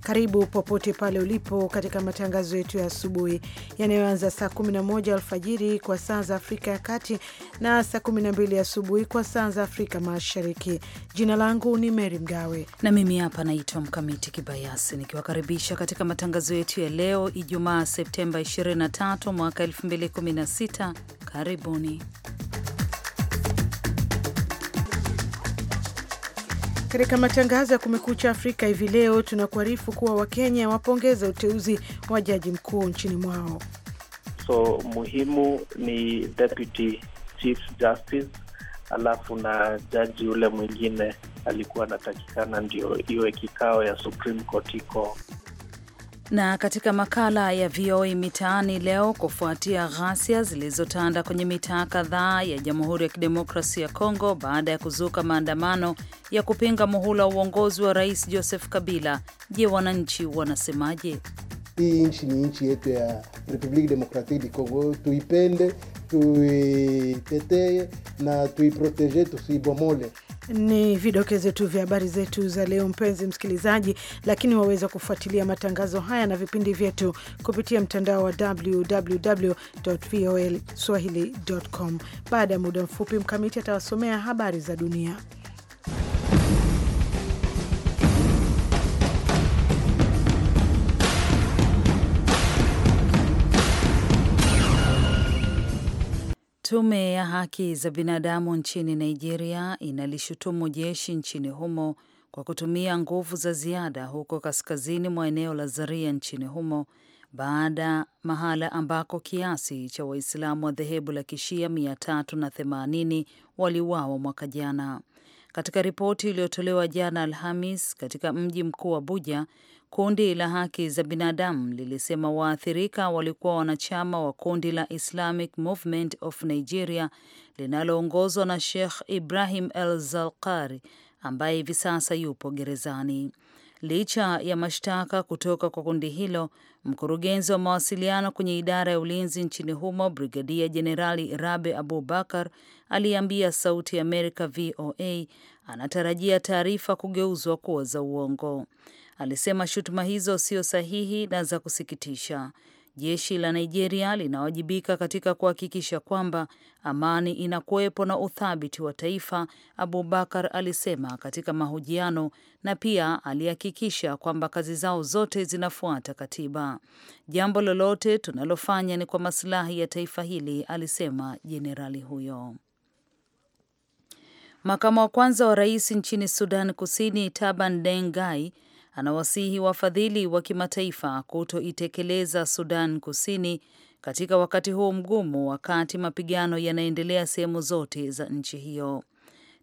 Karibu popote pale ulipo katika matangazo yetu ya asubuhi yanayoanza saa 11 alfajiri kwa saa za Afrika ya Kati na saa 12 asubuhi kwa saa za Afrika Mashariki. Jina langu ni Mary Mgawe na mimi hapa naitwa Mkamiti Kibayasi nikiwakaribisha katika matangazo yetu ya leo Ijumaa Septemba 23 mwaka 2016. Karibuni. Katika matangazo ya Kumekucha Afrika hivi leo tunakuarifu kuwa Wakenya wapongeza uteuzi wa jaji mkuu nchini mwao. So muhimu ni deputy chief justice, alafu na jaji yule mwingine alikuwa anatakikana ndio iwe kikao ya Supreme Court iko na katika makala ya VOA Mitaani leo, kufuatia ghasia zilizotanda kwenye mitaa kadhaa ya Jamhuri ya Kidemokrasia ya Kongo baada ya kuzuka maandamano ya kupinga muhula wa uongozi wa Rais Joseph Kabila. Je, wananchi wanasemaje? Hii nchi ni nchi yetu ya Republique Democratique du Congo, tuipende, tuitetee na tuiproteje, tusiibomole. Ni vidokezo tu vya habari zetu za leo, mpenzi msikilizaji, lakini waweza kufuatilia matangazo haya na vipindi vyetu kupitia mtandao wa www.voaswahili.com. Baada ya muda mfupi, Mkamiti atawasomea habari za dunia. Tume ya haki za binadamu nchini Nigeria inalishutumu jeshi nchini humo kwa kutumia nguvu za ziada huko kaskazini mwa eneo la Zaria nchini humo baada mahala ambako kiasi cha Waislamu wa dhehebu la Kishia mia tatu na themanini waliuawa mwaka jana. Katika ripoti iliyotolewa jana Alhamis katika mji mkuu Abuja, kundi la haki za binadamu lilisema waathirika walikuwa wanachama wa kundi la Islamic Movement of Nigeria linaloongozwa na Sheikh Ibrahim El Zalkari ambaye hivi sasa yupo gerezani. Licha ya mashtaka kutoka kwa kundi hilo, mkurugenzi wa mawasiliano kwenye idara ya ulinzi nchini humo, Brigadia Jenerali Rabe Abubakar aliambia Sauti ya Amerika VOA anatarajia taarifa kugeuzwa kuwa za uongo. Alisema shutuma hizo sio sahihi na za kusikitisha. Jeshi la Nigeria linawajibika katika kuhakikisha kwamba amani inakuwepo na uthabiti wa taifa, Abubakar alisema katika mahojiano, na pia alihakikisha kwamba kazi zao zote zinafuata katiba. Jambo lolote tunalofanya ni kwa masilahi ya taifa hili, alisema jenerali huyo. Makamu wa kwanza wa rais nchini Sudan Kusini, Taban Deng Gai, anawasihi wafadhili wa kimataifa kutoitekeleza Sudan Kusini katika wakati huu mgumu, wakati mapigano yanaendelea sehemu zote za nchi hiyo.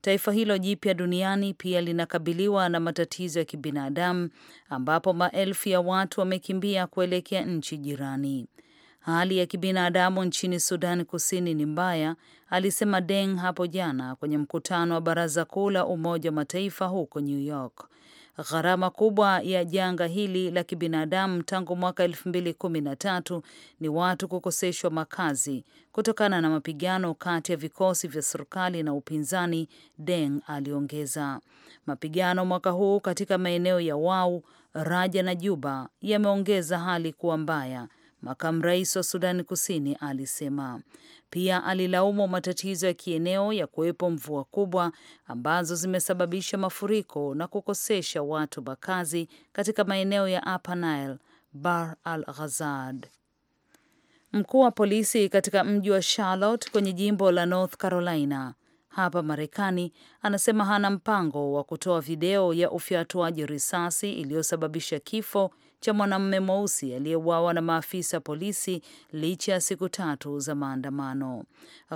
Taifa hilo jipya duniani pia linakabiliwa na matatizo ya kibinadamu ambapo maelfu ya watu wamekimbia kuelekea nchi jirani. Hali ya kibinadamu nchini Sudan Kusini ni mbaya, alisema Deng hapo jana kwenye mkutano wa Baraza Kuu la Umoja wa Mataifa huko New York. Gharama kubwa ya janga hili la kibinadamu tangu mwaka tatu ni watu kukoseshwa makazi kutokana na mapigano kati ya vikosi vya serikali na upinzani, Deng aliongeza. Mapigano mwaka huu katika maeneo ya Wau, Raja na Juba yameongeza hali kuwa mbaya makamu rais wa Sudani Kusini alisema. Pia alilaumu matatizo ya kieneo ya kuwepo mvua kubwa ambazo zimesababisha mafuriko na kukosesha watu makazi katika maeneo ya Upper Nile, al ghazad Mkuu wa polisi katika mji wa Charlotte kwenye jimbo la North Carolina hapa Marekani anasema hana mpango wa kutoa video ya ufyatuaji risasi iliyosababisha kifo cha mwanamume mweusi aliyeuawa na maafisa polisi licha ya siku tatu za maandamano.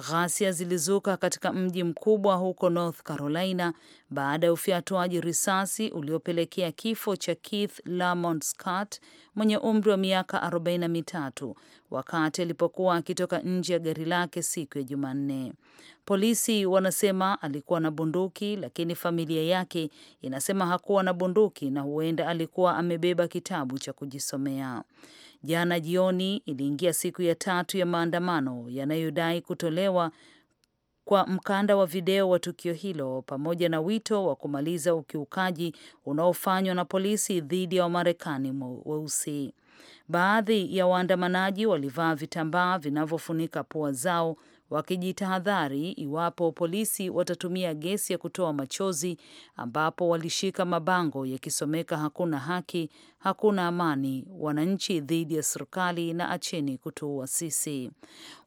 Ghasia zilizuka katika mji mkubwa huko North Carolina baada ya ufyatuaji risasi uliopelekea kifo cha Keith Lamont Scott mwenye umri wa miaka arobaini na mitatu wakati alipokuwa akitoka nje ya gari lake siku ya Jumanne. Polisi wanasema alikuwa na bunduki, lakini familia yake inasema hakuwa na bunduki na huenda alikuwa amebeba kitabu cha kujisomea. Jana jioni iliingia siku ya tatu ya maandamano yanayodai kutolewa kwa mkanda wa video wa tukio hilo pamoja na wito wa kumaliza ukiukaji unaofanywa na polisi dhidi ya Wamarekani weusi. Baadhi ya waandamanaji walivaa vitambaa vinavyofunika pua zao wakijitahadhari iwapo polisi watatumia gesi ya kutoa machozi, ambapo walishika mabango yakisomeka hakuna haki, hakuna amani, wananchi dhidi ya serikali, na acheni kutuua sisi.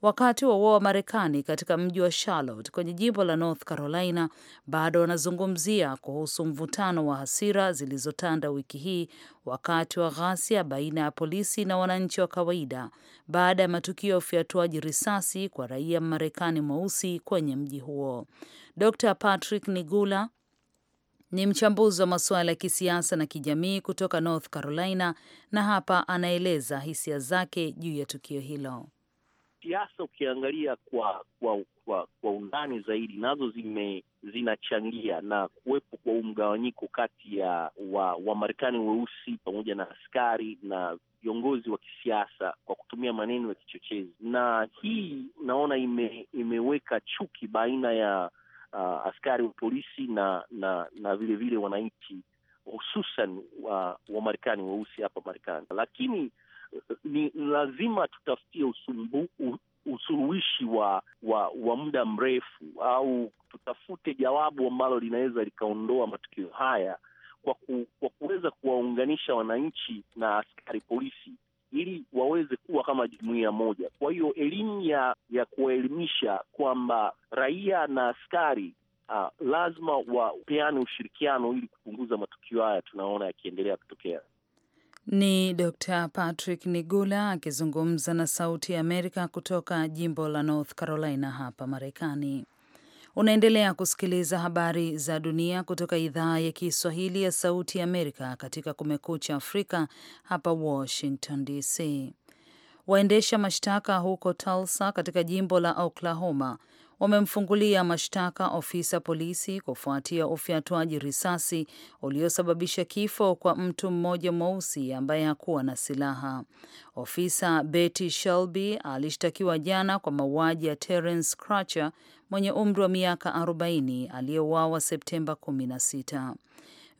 Wakati wa wa Marekani katika mji wa Charlotte kwenye jimbo la North Carolina bado wanazungumzia kuhusu mvutano wa hasira zilizotanda wiki hii wakati wa ghasia baina ya polisi na wananchi wa kawaida baada ya matukio ya ufiatuaji risasi kwa raia Marekani mweusi kwenye mji huo. Dr Patrick Nigula ni mchambuzi wa masuala ya kisiasa na kijamii kutoka North Carolina, na hapa anaeleza hisia zake juu ya tukio hilo. Siasa ukiangalia kwa kwa, kwa kwa undani zaidi, nazo zime zinachangia na kuwepo kwa umgawanyiko mgawanyiko kati ya Wamarekani wa weusi pamoja na askari na viongozi wa kisiasa kwa kutumia maneno ya kichochezi, na hii naona ime, imeweka chuki baina ya uh, askari wa polisi na na na vilevile wananchi hususan wa Wamarekani weusi hapa Marekani, lakini uh, ni lazima tutafutie usuluhishi wa, wa wa muda mrefu au tutafute jawabu ambalo linaweza likaondoa matukio haya kwa, ku, kwa kuweza kuwaunganisha wananchi na askari polisi ili waweze kuwa kama jumuia moja. Kwa hiyo elimu ya ya kuwaelimisha kwamba raia na askari uh, lazima wapeane ushirikiano ili kupunguza matukio haya tunaona yakiendelea kutokea. Ni Dr. Patrick Nigula akizungumza na Sauti ya Amerika kutoka jimbo la North Carolina hapa Marekani. Unaendelea kusikiliza habari za dunia kutoka idhaa ya Kiswahili ya Sauti ya Amerika katika Kumekucha Afrika hapa Washington DC. Waendesha mashtaka huko Tulsa katika jimbo la Oklahoma wamemfungulia mashtaka ofisa polisi kufuatia ufyatuaji risasi uliosababisha kifo kwa mtu mmoja mweusi ambaye hakuwa na silaha. Ofisa Betty Shelby alishtakiwa jana kwa mauaji ya Terence cracher mwenye umri wa miaka 40 aliyeuawa Septemba 16.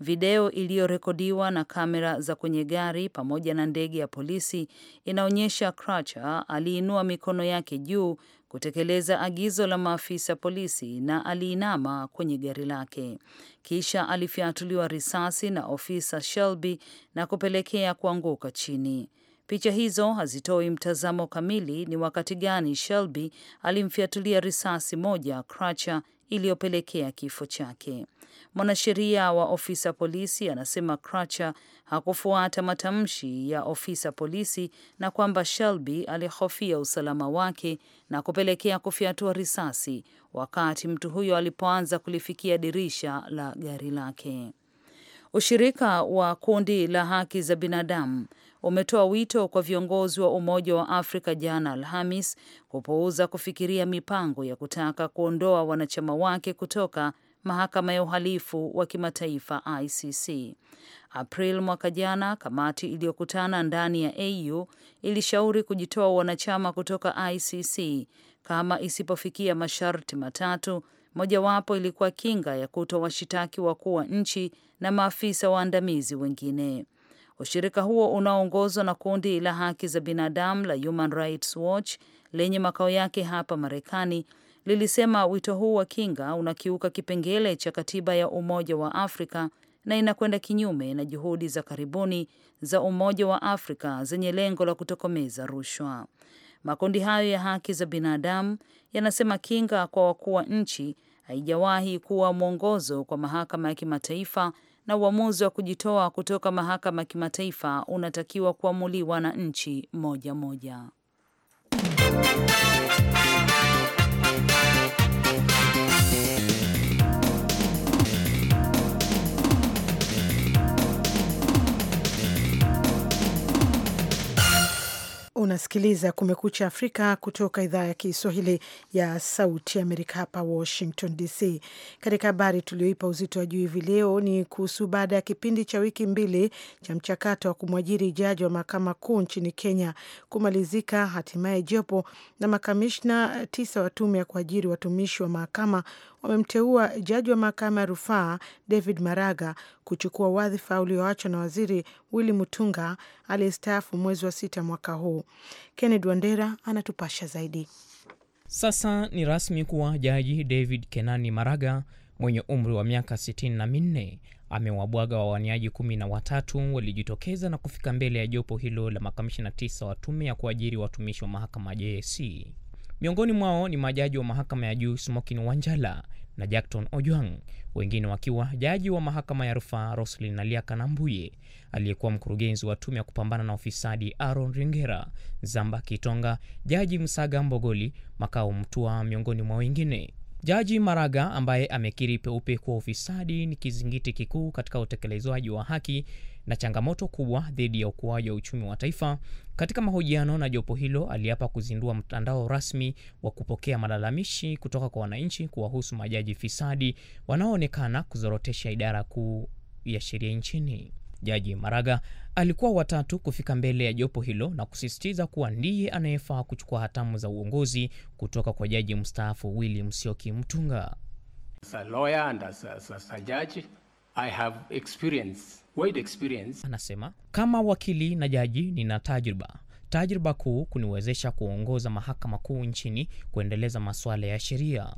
Video iliyorekodiwa na kamera za kwenye gari pamoja na ndege ya polisi inaonyesha crache aliinua mikono yake juu kutekeleza agizo la maafisa polisi na aliinama kwenye gari lake. Kisha alifyatuliwa risasi na ofisa Shelby na kupelekea kuanguka chini. Picha hizo hazitoi mtazamo kamili ni wakati gani Shelby alimfyatulia risasi moja Crutcher iliyopelekea kifo chake. Mwanasheria wa ofisa polisi anasema Cracher hakufuata matamshi ya ofisa polisi na kwamba Shelby alihofia usalama wake na kupelekea kufyatua risasi wakati mtu huyo alipoanza kulifikia dirisha la gari lake. Ushirika wa kundi la haki za binadamu umetoa wito kwa viongozi wa Umoja wa Afrika jana Alhamis kupuuza kufikiria mipango ya kutaka kuondoa wanachama wake kutoka mahakama ya uhalifu wa kimataifa ICC. April mwaka jana, kamati iliyokutana ndani ya AU ilishauri kujitoa wanachama kutoka ICC kama isipofikia masharti matatu. Mojawapo ilikuwa kinga ya kutowashitaki washitaki wakuu wa nchi na maafisa waandamizi wengine. Ushirika huo unaoongozwa na kundi la haki za binadamu la Human Rights Watch lenye makao yake hapa Marekani lilisema wito huu wa kinga unakiuka kipengele cha katiba ya Umoja wa Afrika na inakwenda kinyume na juhudi za karibuni za Umoja wa Afrika zenye lengo la kutokomeza rushwa. Makundi hayo ya haki za binadamu yanasema kinga kwa wakuu wa nchi haijawahi kuwa mwongozo kwa mahakama ya kimataifa na uamuzi wa kujitoa kutoka mahakama ya kimataifa unatakiwa kuamuliwa na nchi moja moja. unasikiliza Kumekucha Afrika kutoka idhaa ya Kiswahili ya Sauti Amerika, hapa Washington DC. Katika habari tulioipa uzito wa juu hivi leo ni kuhusu baada ya kipindi cha wiki mbili cha mchakato wa kumwajiri jaji wa mahakama kuu nchini Kenya kumalizika, hatimaye jopo na makamishna tisa wa tume ya kuajiri watumishi wa mahakama wamemteua jaji wa mahakama ya rufaa David Maraga kuchukua wadhifa ulioachwa na waziri Willy Mutunga aliyestaafu mwezi wa sita mwaka huu. Kennedy Wandera anatupasha zaidi. Sasa ni rasmi kuwa Jaji David Kenani Maraga mwenye umri wa miaka 64 minne amewabwaga wawaniaji kumi na watatu walijitokeza na kufika mbele ya jopo hilo la makamishina tisa wa tume ya kuajiri watumishi wa mahakama JSC. Miongoni mwao ni majaji wa mahakama ya juu Smokin Wanjala na Jackton Ojwang, wengine wakiwa jaji wa mahakama ya rufaa Roslin Naliaka na Mbuye, aliyekuwa mkurugenzi wa tume ya kupambana na ufisadi Aaron Ringera, Zamba Kitonga, jaji Msaga Mbogoli, Makao Mtua, miongoni mwa wengine. Jaji Maraga ambaye amekiri peupe kuwa ufisadi ni kizingiti kikuu katika utekelezwaji wa haki na changamoto kubwa dhidi ya ukuaji wa uchumi wa taifa. Katika mahojiano na jopo hilo, aliapa kuzindua mtandao rasmi wa kupokea malalamishi kutoka kwa wananchi kuwahusu majaji fisadi wanaoonekana kuzorotesha idara kuu ya sheria nchini. Jaji Maraga alikuwa watatu kufika mbele ya jopo hilo na kusisitiza kuwa ndiye anayefaa kuchukua hatamu za uongozi kutoka kwa jaji mstaafu Willy Musyoki Mtunga. As a lawyer and as a, as a judge, I have experience Wide experience. Anasema kama wakili na jaji nina tajriba tajriba kuu kuniwezesha kuongoza mahakama kuu nchini kuendeleza masuala ya sheria.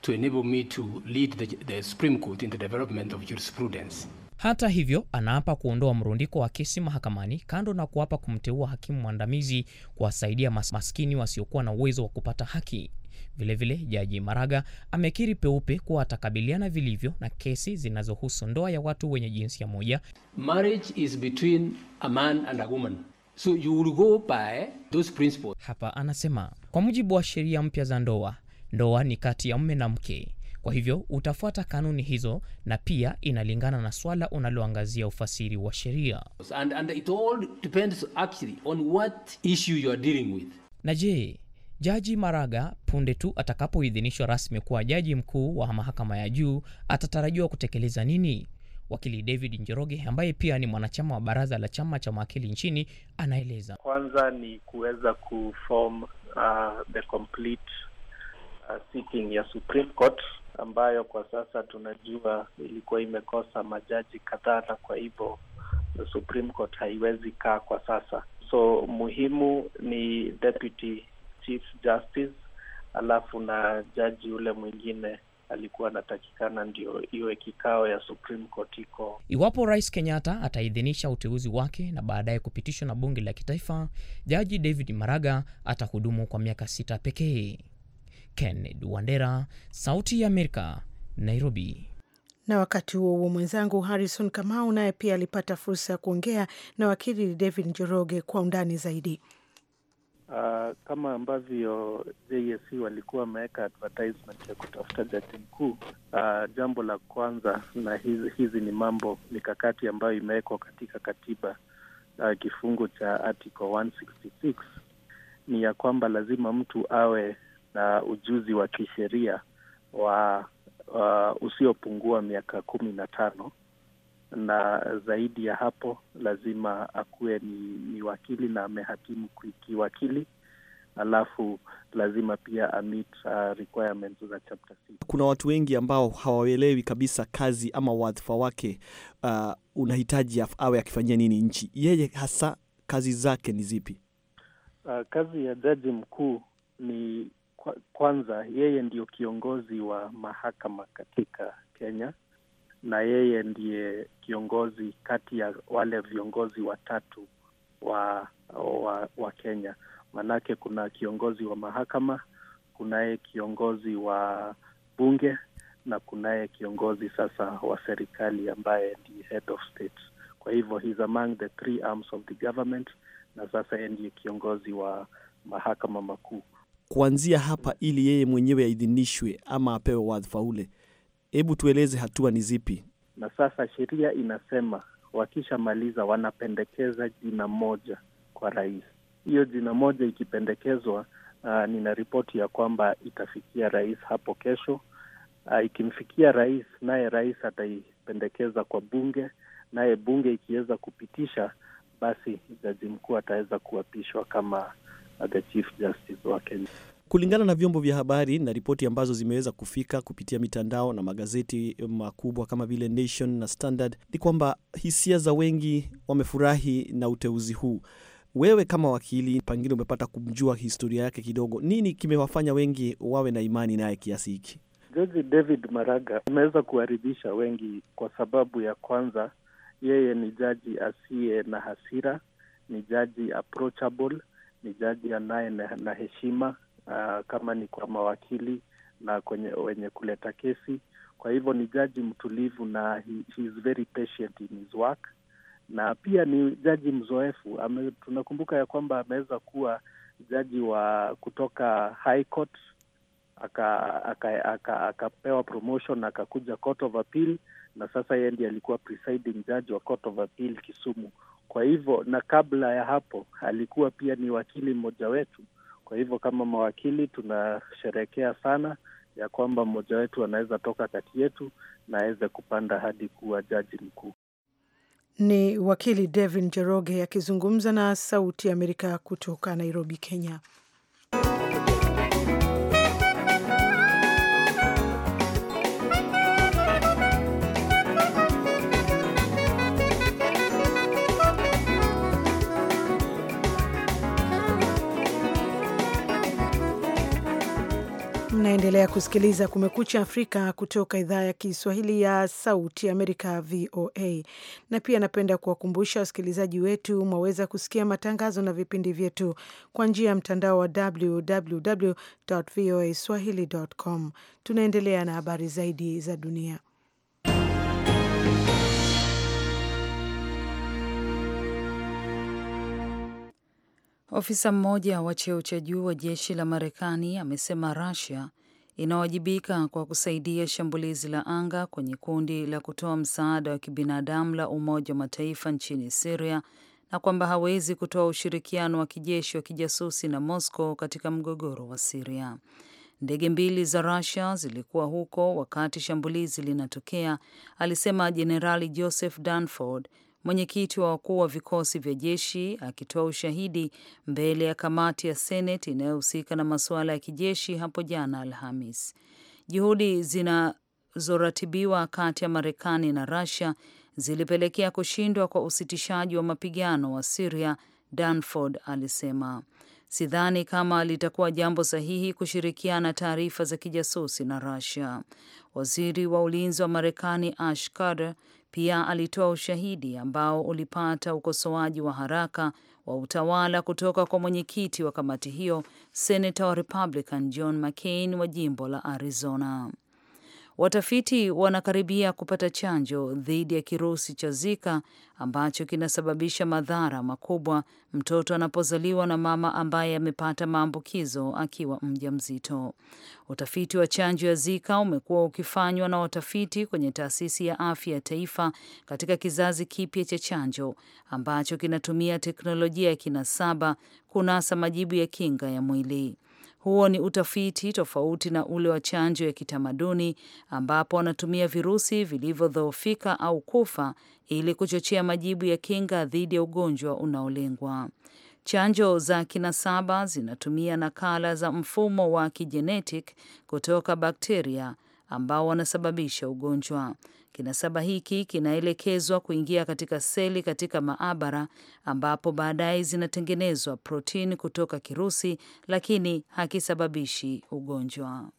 To enable me to lead the, the Supreme Court in the development of jurisprudence. Hata hivyo, anaapa kuondoa mrundiko wa kesi mahakamani, kando na kuapa kumteua hakimu mwandamizi kuwasaidia maskini wasiokuwa na uwezo wa kupata haki. Vilevile Jaji Maraga amekiri peupe kuwa atakabiliana vilivyo na kesi zinazohusu ndoa ya watu wenye jinsia moja. Marriage is between a man and a woman. So you will go by those principles. Hapa anasema kwa mujibu wa sheria mpya za ndoa, ndoa ni kati ya mume na mke. Kwa hivyo utafuata kanuni hizo na pia inalingana na swala unaloangazia ufasiri wa sheria. And, and it all depends actually on what issue you are dealing with. Na je, Jaji Maraga punde tu atakapoidhinishwa rasmi kuwa jaji mkuu wa mahakama ya juu atatarajiwa kutekeleza nini? Wakili David Njoroge ambaye pia ni mwanachama wa baraza la chama cha mawakili nchini anaeleza. Kwanza ni kuweza kuform uh, the complete uh, sitting ya Supreme Court ambayo kwa sasa tunajua ilikuwa imekosa majaji kadhaa, na kwa hivyo Supreme Court haiwezi kaa kwa sasa, so muhimu ni deputy chief justice, alafu na jaji yule mwingine alikuwa anatakikana ndio iwe kikao ya Supreme Court iko. Iwapo Rais Kenyatta ataidhinisha uteuzi wake na baadaye kupitishwa na bunge la kitaifa, jaji David Maraga atahudumu kwa miaka sita pekee. kenned Wandera, Sauti ya Amerika, Nairobi. Na wakati huo huo mwenzangu Harrison Kamau naye pia alipata fursa ya kuongea na wakili David Njoroge kwa undani zaidi uh, kama ambavyo JSC walikuwa wameweka advertisement ya kutafuta jaji mkuu. Uh, jambo la kwanza na hizi, hizi ni mambo mikakati ambayo imewekwa katika katiba uh, kifungu cha article 166 ni ya kwamba lazima mtu awe na ujuzi wa kisheria wa uh, usiopungua miaka kumi na tano na zaidi ya hapo lazima akuwe ni, ni wakili na amehakimu kiwakili alafu lazima pia amit uh, requirements za chapter Kuna watu wengi ambao hawaelewi kabisa kazi ama wadhifa wake uh, unahitaji awe akifanyia nini nchi. Yeye hasa kazi zake ni zipi? Uh, kazi ya jaji mkuu ni kwanza, yeye ndio kiongozi wa mahakama katika Kenya na yeye ndiye kiongozi kati ya wale viongozi watatu wa, wa, wa Kenya. Maanake kuna kiongozi wa mahakama, kunaye kiongozi wa bunge na kunaye kiongozi sasa wa serikali ambaye ni head of state. Kwa hivyo he's among the three arms of the government, na sasa yeye ndiye kiongozi wa mahakama makuu. Kuanzia hapa, ili yeye mwenyewe aidhinishwe ama apewe wadhifa ule, Hebu tueleze hatua ni zipi? Na sasa sheria inasema wakishamaliza, wanapendekeza jina moja kwa rais. Hiyo jina moja ikipendekezwa, uh, nina ripoti ya kwamba itafikia rais hapo kesho. Uh, ikimfikia rais, naye rais ataipendekeza kwa bunge, naye bunge ikiweza kupitisha, basi jaji mkuu ataweza kuapishwa kama the chief justice wa Kenya. Kulingana na vyombo vya habari na ripoti ambazo zimeweza kufika kupitia mitandao na magazeti makubwa kama vile Nation na Standard, ni kwamba hisia za wengi wamefurahi na uteuzi huu. Wewe kama wakili, pengine umepata kumjua historia yake kidogo, nini kimewafanya wengi wawe na imani naye kiasi hiki? Jaji David Maraga ameweza kuwaridhisha wengi kwa sababu ya kwanza, yeye ni jaji asiye na hasira, ni jaji approachable, ni jaji anaye na heshima uh, kama ni kwa mawakili na kwenye wenye kuleta kesi. Kwa hivyo ni jaji mtulivu na he, he is very patient in his work, na pia ni jaji mzoefu. Ame, tunakumbuka ya kwamba ameweza kuwa jaji wa kutoka High Court akapewa promotion akakuja Court of Appeal, na sasa yeye ndiye alikuwa presiding judge wa Court of Appeal Kisumu. Kwa hivyo na kabla ya hapo alikuwa pia ni wakili mmoja wetu kwa hivyo kama mawakili tunasherehekea sana ya kwamba mmoja wetu anaweza toka kati yetu na aweze kupanda hadi kuwa jaji mkuu. Ni wakili Devin Jeroge akizungumza na Sauti ya Amerika kutoka Nairobi, Kenya. Unaendelea kusikiliza Kumekucha Afrika kutoka idhaa ya Kiswahili ya Sauti Amerika, VOA. Na pia napenda kuwakumbusha wasikilizaji wetu, mwaweza kusikia matangazo na vipindi vyetu kwa njia ya mtandao wa www voa swahili com. Tunaendelea na habari zaidi za dunia. Ofisa mmoja wa cheo cha juu wa jeshi la Marekani amesema Russia inawajibika kwa kusaidia shambulizi la anga kwenye kundi la kutoa msaada wa kibinadamu la Umoja wa Mataifa nchini Siria na kwamba hawezi kutoa ushirikiano wa kijeshi wa kijasusi na Moscow katika mgogoro wa Siria. Ndege mbili za Russia zilikuwa huko wakati shambulizi linatokea, alisema Jenerali Joseph Dunford, mwenyekiti wa wakuu wa vikosi vya jeshi akitoa ushahidi mbele ya kamati ya Seneti inayohusika na masuala ya kijeshi hapo jana Alhamis. Juhudi zinazoratibiwa kati ya Marekani na rasia zilipelekea kushindwa kwa usitishaji wa mapigano wa Siria, Danford alisema. Sidhani kama litakuwa jambo sahihi kushirikiana taarifa za kijasusi na rasia Waziri wa ulinzi wa Marekani Ash Carter pia alitoa ushahidi ambao ulipata ukosoaji wa haraka wa utawala kutoka kwa mwenyekiti wa kamati hiyo, senata wa Republican John McCain wa jimbo la Arizona. Watafiti wanakaribia kupata chanjo dhidi ya kirusi cha Zika ambacho kinasababisha madhara makubwa mtoto anapozaliwa na mama ambaye amepata maambukizo akiwa mja mzito Utafiti wa chanjo ya Zika umekuwa ukifanywa na watafiti kwenye taasisi ya afya ya taifa katika kizazi kipya cha chanjo ambacho kinatumia teknolojia ya kinasaba kunasa majibu ya kinga ya mwili. Huo ni utafiti tofauti na ule wa chanjo ya kitamaduni ambapo wanatumia virusi vilivyodhoofika au kufa ili kuchochea majibu ya kinga dhidi ya ugonjwa unaolengwa. Chanjo za kinasaba zinatumia nakala za mfumo wa kijenetic kutoka bakteria ambao wanasababisha ugonjwa. Kinasaba hiki kinaelekezwa kuingia katika seli katika maabara ambapo baadaye zinatengenezwa protini kutoka kirusi, lakini hakisababishi ugonjwa.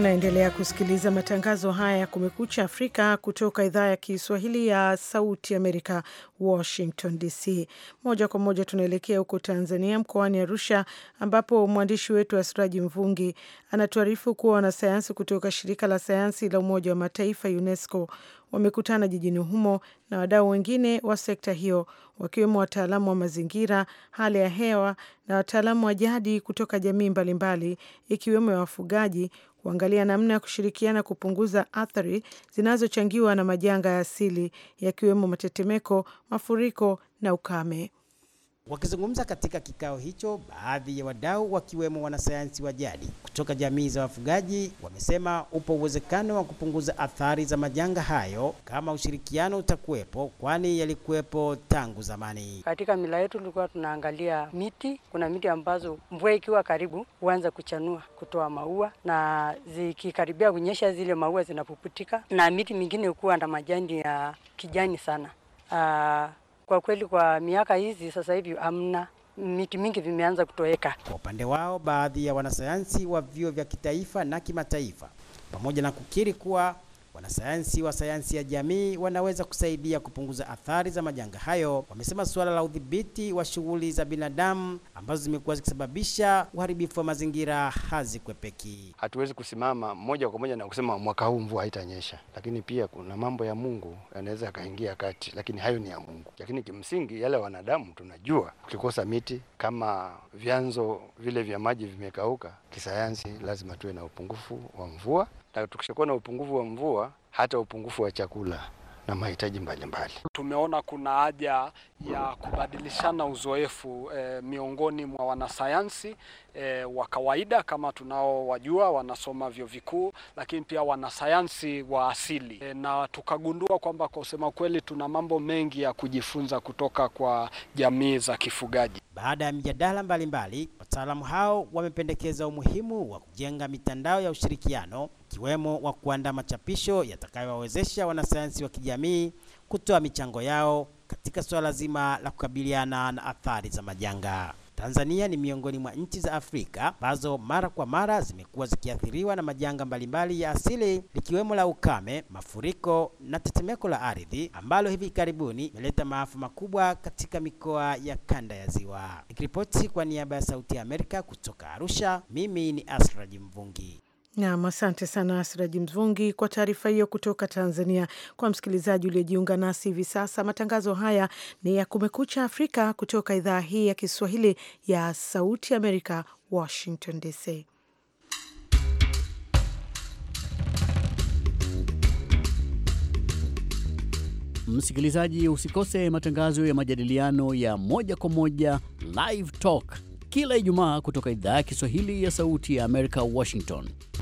Unaendelea kusikiliza matangazo haya ya Kumekucha Afrika kutoka idhaa ya Kiswahili ya Sauti Amerika, Washington DC. Moja kwa moja tunaelekea huko Tanzania, mkoani Arusha, ambapo mwandishi wetu Asiraji Mvungi anatuarifu kuwa wanasayansi kutoka shirika la sayansi la Umoja wa Mataifa, UNESCO, wamekutana jijini humo na wadau wengine wa sekta hiyo wakiwemo wataalamu wa mazingira, hali ya hewa na wataalamu wa jadi kutoka jamii mbalimbali ikiwemo ya wafugaji kuangalia namna ya kushirikiana kupunguza athari zinazochangiwa na majanga ya asili yakiwemo matetemeko, mafuriko na ukame. Wakizungumza katika kikao hicho, baadhi ya wadau wakiwemo wanasayansi wa jadi kutoka jamii za wafugaji wamesema upo uwezekano wa kupunguza athari za majanga hayo kama ushirikiano utakuwepo, kwani yalikuwepo tangu zamani. Katika mila yetu tulikuwa tunaangalia miti, kuna miti ambazo mvua ikiwa karibu huanza kuchanua kutoa maua, na zikikaribia kunyesha zile maua zinapuputika, na miti mingine hukuwa na majani ya kijani sana. Uh, kwa kweli kwa miaka hizi sasa hivi hamna miti mingi vimeanza kutoweka. Kwa upande wao, baadhi ya wanasayansi wa vyuo vya kitaifa na kimataifa pamoja na kukiri kuwa Wanasayansi wa sayansi ya jamii wanaweza kusaidia kupunguza athari za majanga hayo. Wamesema suala la udhibiti wa shughuli za binadamu ambazo zimekuwa zikisababisha uharibifu wa mazingira hazikwepeki. Hatuwezi kusimama moja kwa moja na kusema mwaka huu mvua haitanyesha, lakini pia kuna mambo ya Mungu yanaweza yakaingia kati, lakini hayo ni ya Mungu. Lakini kimsingi yale wanadamu tunajua, ukikosa miti kama vyanzo vile vya maji vimekauka, kisayansi lazima tuwe na upungufu wa mvua na tukishakuwa na upungufu wa mvua, hata upungufu wa chakula na mahitaji mbalimbali. Tumeona kuna haja ya kubadilishana uzoefu e, miongoni mwa wanasayansi e, wa kawaida kama tunaowajua wanasoma vyuo vikuu, lakini pia wanasayansi wa asili e, na tukagundua kwamba kwa kusema kweli tuna mambo mengi ya kujifunza kutoka kwa jamii za kifugaji. Baada ya mijadala mbalimbali Wataalamu hao wamependekeza umuhimu wa kujenga mitandao ya ushirikiano ikiwemo wa kuandaa machapisho yatakayowawezesha wanasayansi wa kijamii kutoa michango yao katika suala zima la kukabiliana na athari za majanga. Tanzania ni miongoni mwa nchi za Afrika ambazo mara kwa mara zimekuwa zikiathiriwa na majanga mbalimbali ya asili likiwemo la ukame, mafuriko na tetemeko la ardhi ambalo hivi karibuni imeleta maafa makubwa katika mikoa ya kanda ya Ziwa. Nikiripoti kwa niaba ya Sauti ya Amerika kutoka Arusha, mimi ni Asraji Mvungi. Nam, asante sana Siraji Mvungi kwa taarifa hiyo kutoka Tanzania. Kwa msikilizaji uliojiunga nasi hivi sasa, matangazo haya ni ya Kumekucha Afrika kutoka idhaa hii ya Kiswahili ya Sauti Amerika, Washington DC. Msikilizaji, usikose matangazo ya majadiliano ya moja kwa moja, Live Talk, kila Ijumaa kutoka idhaa ya Kiswahili ya Sauti ya Amerika, Washington.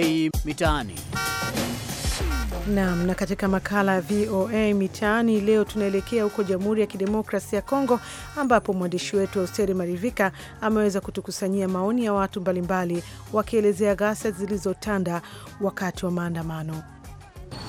VOA Mitaani. Naam, na katika makala ya VOA Mitaani leo tunaelekea huko Jamhuri ya Kidemokrasia ya Kongo, ambapo mwandishi wetu Austeri Marivika ameweza kutukusanyia maoni ya watu mbalimbali wakielezea ghasia zilizotanda wakati wa maandamano.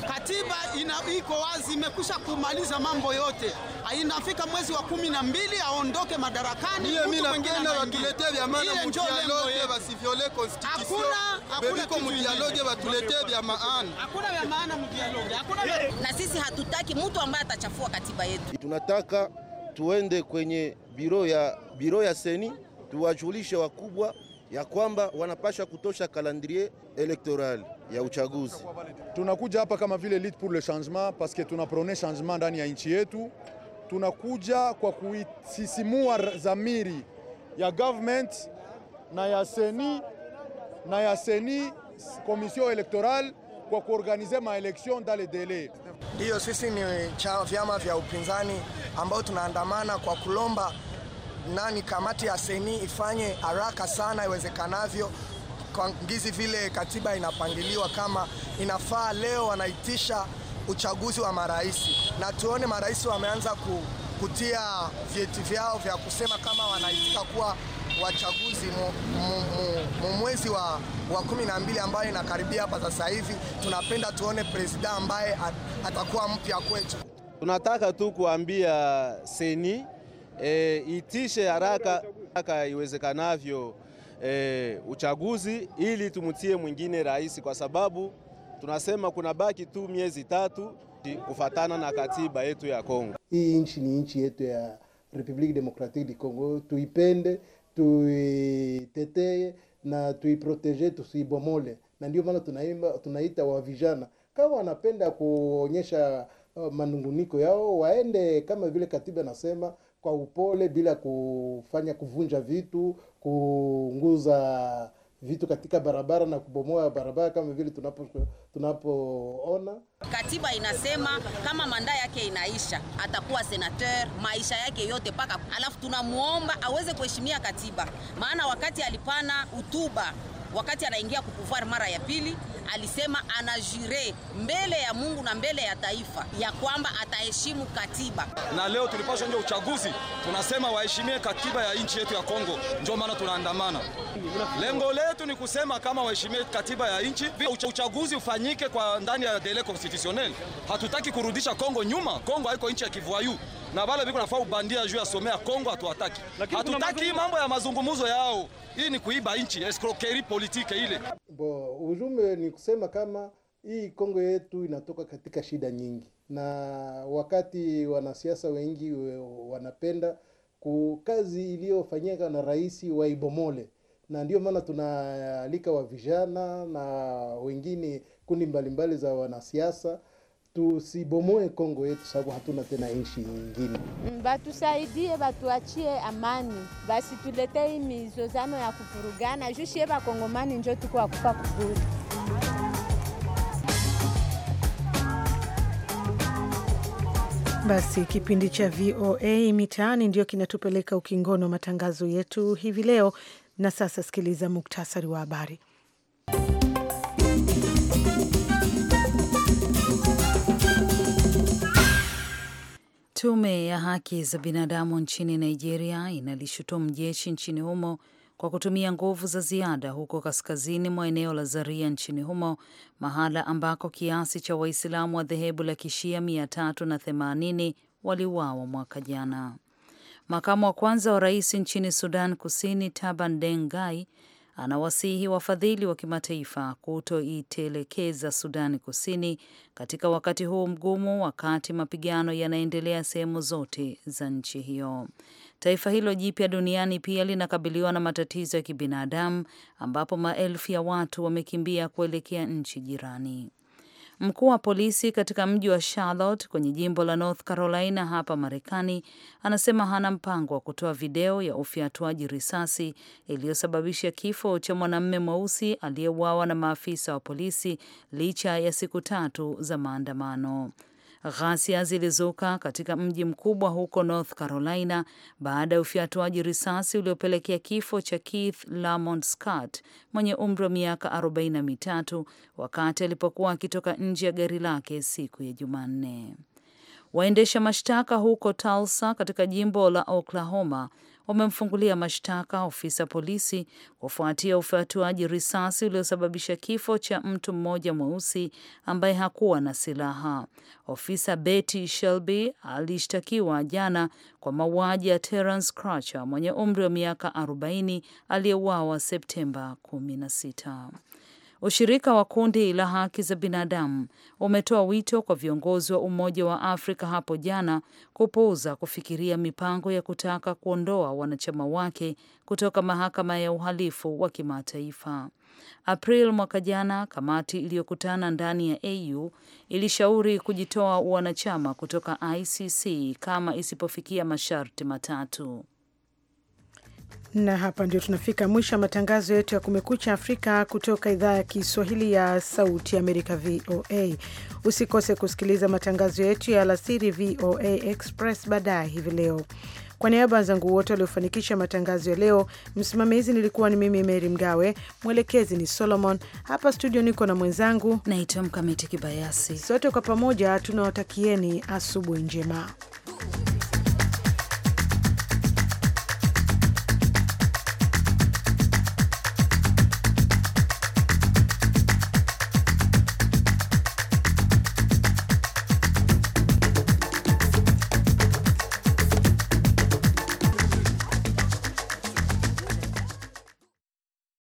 Katiba ina iko wazi, imekwisha kumaliza mambo yote. Inafika mwezi wa kumi na mbili aondoke madarakani, mtu mwingine watuletee vya maana, mdialoge basiviole constitution, hakuna hakuna mdialoge, watuletee vya maana, hakuna vya maana mdialoge, hakuna. Eh. Na sisi hatutaki mtu ambaye atachafua katiba yetu. Tunataka tuende kwenye biro ya biro ya seni tuwajulishe wakubwa ya kwamba wanapasha kutosha calendrier electoral ya uchaguzi. Tunakuja hapa kama vile lit pour le changement que tunaprone changement ndani ya nchi yetu. Tunakuja kwa kuisisimua zamiri ya government na ya seni na ya seni commission elektorale kwa kuorganize maelection dans le delai. Ndiyo, sisi ni vyama vya upinzani ambao tunaandamana kwa kulomba nani kamati ya seni ifanye haraka sana iwezekanavyo hawapangizi vile katiba inapangiliwa kama inafaa. Leo wanaitisha uchaguzi wa marais na tuone marais wameanza ku, kutia vyeti vyao vya kusema kama wanaitika kuwa wachaguzi mu mwezi wa, wa kumi na mbili ambayo inakaribia hapa sasa hivi. Tunapenda tuone presida ambaye atakuwa mpya kwetu. Tunataka tu kuambia seni e, itishe haraka haraka iwezekanavyo e, uchaguzi ili tumtie mwingine rais, kwa sababu tunasema kuna baki tu miezi tatu kufatana na katiba yetu ya Kongo. Hii nchi ni nchi yetu ya Republique Democratique du Congo, tuipende, tuitetee na tuiproteje, tusiibomole. Na ndio maana tunaimba, tunaita wa vijana kama wanapenda kuonyesha uh, manunguniko yao waende kama vile katiba nasema, kwa upole, bila kufanya kuvunja vitu, kunguza vitu katika barabara na kubomoa barabara kama vile tunapo tunapoona. Katiba inasema kama manda yake inaisha atakuwa senateur maisha yake yote paka, alafu tunamwomba aweze kuheshimia katiba, maana wakati alipana hutuba wakati anaingia kupuvar mara ya pili alisema anajire mbele ya Mungu na mbele ya taifa ya kwamba ataheshimu katiba, na leo tulipaswa nje uchaguzi, tunasema waheshimie katiba ya nchi yetu ya Kongo. Ndio maana tunaandamana, lengo letu ni kusema kama waheshimie katiba ya nchi, uchaguzi ufanyike kwa ndani ya dele constitutionnel. Hatutaki kurudisha Kongo nyuma. Kongo haiko nchi ya kivuayu na wale viko nafaa ubandia juu ya somea Kongo hatuwataki, hatutaki mambo ya mazungumzo yao. Hii ni kuiba nchi escroquerie politika ile. Bo, ujumbe ni kusema kama hii Kongo yetu inatoka katika shida nyingi, na wakati wanasiasa wengi wanapenda ku kazi iliyofanyika na rais waibomole, na ndio maana tunaalika wa vijana na wengine kundi mbalimbali za wanasiasa tusibomoe Kongo yetu, sababu hatuna tena nchi nyingine. Mm, batusaidie, batuachie amani, basi tuletei mizozano ya kufurugana jushie bakongomani njo tuko wakufa kuburi Basi kipindi cha VOA Mitaani ndio kinatupeleka ukingono wa matangazo yetu hivi leo. Na sasa sikiliza muktasari wa habari. Tume ya haki za binadamu nchini Nigeria inalishutumu jeshi nchini humo kwa kutumia nguvu za ziada huko kaskazini mwa eneo la Zaria nchini humo, mahala ambako kiasi cha Waislamu wa dhehebu la Kishia mia tatu na themanini waliuawa mwaka jana. Makamu wa kwanza wa rais nchini Sudan Kusini Taban Deng Gai anawasihi wafadhili wa kimataifa kutoitelekeza Sudani Kusini katika wakati huu mgumu, wakati mapigano yanaendelea sehemu zote za nchi hiyo. Taifa hilo jipya duniani pia linakabiliwa na matatizo ya kibinadamu ambapo maelfu ya watu wamekimbia kuelekea nchi jirani. Mkuu wa polisi katika mji wa Charlotte kwenye jimbo la North Carolina hapa Marekani anasema hana mpango wa kutoa video ya ufyatuaji risasi iliyosababisha kifo cha mwanamume mweusi aliyeuawa na maafisa wa polisi licha ya siku tatu za maandamano. Ghasia zilizuka katika mji mkubwa huko North Carolina baada ya ufyatuaji risasi uliopelekea kifo cha Keith Lamont Scott mwenye umri wa miaka 43 wakati alipokuwa akitoka nje ya gari lake siku ya Jumanne. Waendesha mashtaka huko Tulsa katika jimbo la Oklahoma wamemfungulia mashtaka ofisa polisi kufuatia ufuatuaji risasi uliosababisha kifo cha mtu mmoja mweusi ambaye hakuwa na silaha. Ofisa Betty Shelby alishtakiwa jana kwa mauaji ya Terence crache mwenye umri wa miaka 40 aliyeuawa Septemba 16. Ushirika wa kundi la haki za binadamu umetoa wito kwa viongozi wa Umoja wa Afrika hapo jana kupuuza kufikiria mipango ya kutaka kuondoa wanachama wake kutoka mahakama ya uhalifu wa kimataifa. April mwaka jana, kamati iliyokutana ndani ya AU ilishauri kujitoa wanachama kutoka ICC kama isipofikia masharti matatu na hapa ndio tunafika mwisho wa matangazo yetu ya Kumekucha Afrika kutoka idhaa ya Kiswahili ya Sauti Amerika, VOA. Usikose kusikiliza matangazo yetu ya alasiri, VOA Express, baadaye hivi leo. Kwa niaba ya wenzangu wote waliofanikisha matangazo ya leo, msimamizi nilikuwa ni mimi Meri Mgawe, mwelekezi ni Solomon. Hapa studio niko na mwenzangu naitwa Mkamiti Kibayasi. Sote kwa pamoja tunawatakieni asubuhi njema.